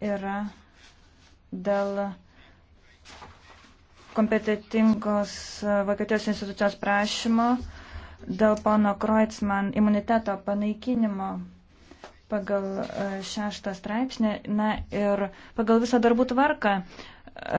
yra dėl kompetitingos Vokietijos institucijos prašymo dėl pono Kreutzmann imuniteto panaikinimo pagal e, šeštą straipsnį, na ir pagal visą darbų tvarką.